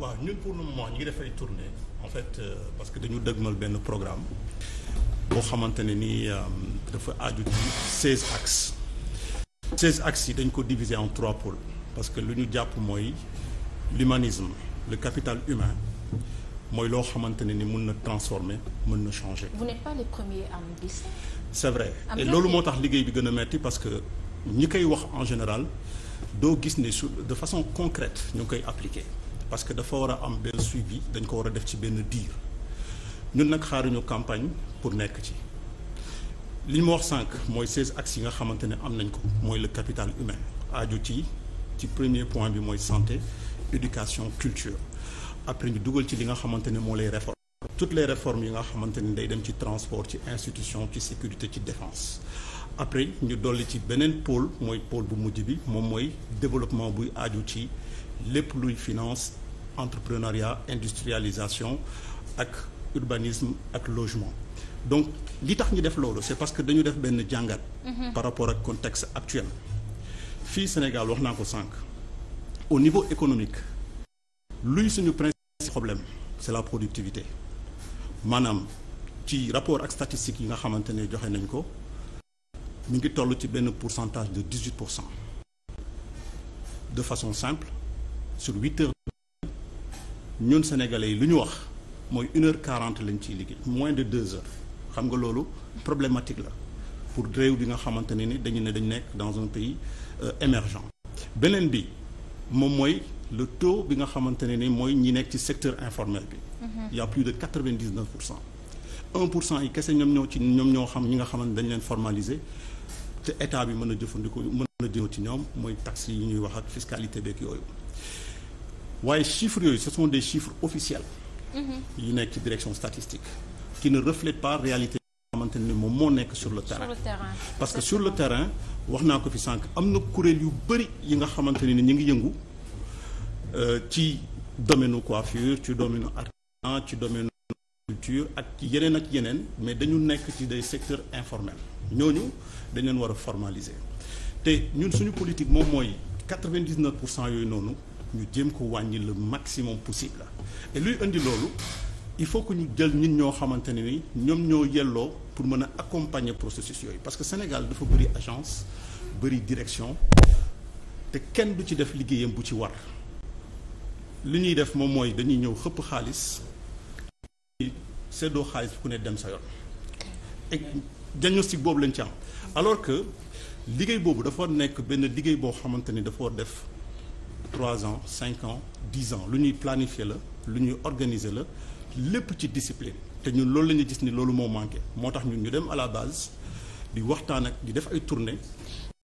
waaw ñun pour le moment ñu ngi def ay tournée en fait euh, parce que dañu dëgmal benn programme boo xamante ne ni euh, dafa aju ci seize axes seize axes yi dañ ko diviser en trois pôles parce que lu ñu jàpp mooy l'humanisme le capital humain mooy loo xamante ne ni mun na transformer mën na changer. vous n'êtes pas c'est vrai ah, loolu moo tax liggéey bi gën a metti parce que ñi koy wax en général doo gis ne su de façon concrète ñu koy appliquer. parce que dafa war a am benn suivi dañ ko war a def ci benn diir ñun nag xaaruñu campagne pour nekk ci li ñu ma wax sànq mooy 16 axes yi nga xamante ne am nañ ko mooy le capital humain aju ci ci premier point bi mooy santé éducation culture après ñu dugal ci li nga xamante ne moo lay réforme toutes les réformes yi nga xamante ne day dem ci transport ci institution ci sécurité ci défense après ñu dolli ci beneen pôle mooy pole bu mujj bi moom mooy développement buy aju ci lépp luy finance entrepreneuriat industrialisation ak urbanisme ak logement donc li tax ñu def loolu c'est parce que dañu def benn jàngat mhm. par rapport ak contexte actuel fii Sénégal wax naa ko sànq au niveau économique luy suñu principal problème c'est la productivité maanaam ci rapport ak statistiques yi nga xamante ne joxe nañ ko mu ngi toll ci benn pourcentage de 18 pour cent de façon simple sur huit heures ñun sénégalais yi lu ñu wax mooy une heure lañ ciy liggéey moins de deux heures xam nga loolu problématique la pour réew bi nga xamante ne ni dañu ne dañu nekk dans un pays euh, émergent beneen bi moom mooy le taux bi nga xamante ne ni mooy ñi nekk ci secteur informel bi mhm. il y a plus de quatre-vingt-dix-neuf pour cent pour cent yi kese ñoom ñoo ci ñoom ñoo xam ñi nga xamante dañ leen formaliser te état bi mën a jëfandikoo mën a jëfandikoo ci ñoom mooy taxes yi ñuy wax ak fiscalité beeg yooyu waaye chiffres yooyu ce sont des chiffres officiels mhm. yu nekk ci direction statistique qui ne reflètent pas réalité xamante ne moom moo nekk sur le terrain parce que sur le terrain wax naa ko fi sànq am na kuréel yu bëri yi nga xamante ne ñu ngi yëngu euh, ci domaine coiffure ci domaine artisanat ci domaine culture ak yeneen ak yeneen mais dañu nekk ci des secteur informel ñooñu dañ leen war a formaliser te ñun suñu politique moom mooy quatre vingt dix pour cent yooyu noonu ñu jéem ko wàññi le maximum possible et luy indi loolu il faut que ñu jël nit ñoo xamante ne ni ñoom ñoo yelloo pour mën a accompagner processus yooyu parce que Sénégal dafa bëri agence bëri direction te kenn du ci def liggéeyam bu ci war li ñuy def moom mooy dañuy ñëw xëpp xaalis seddoo xaalis ku ne dem sa yoon et diagnostic boobu lañ ci am alors que liggéey boobu dafa nekk benn liggéey boo xamante ni dafa def trois ans cinq ans dix ans lu ñuy planifier la lu ñuy organiser la lépp ci discipline te ñun loolu la ñu gis ni loolu moo manqué moo tax ñu ñu dem à la base di waxtaan ak di def ay tournées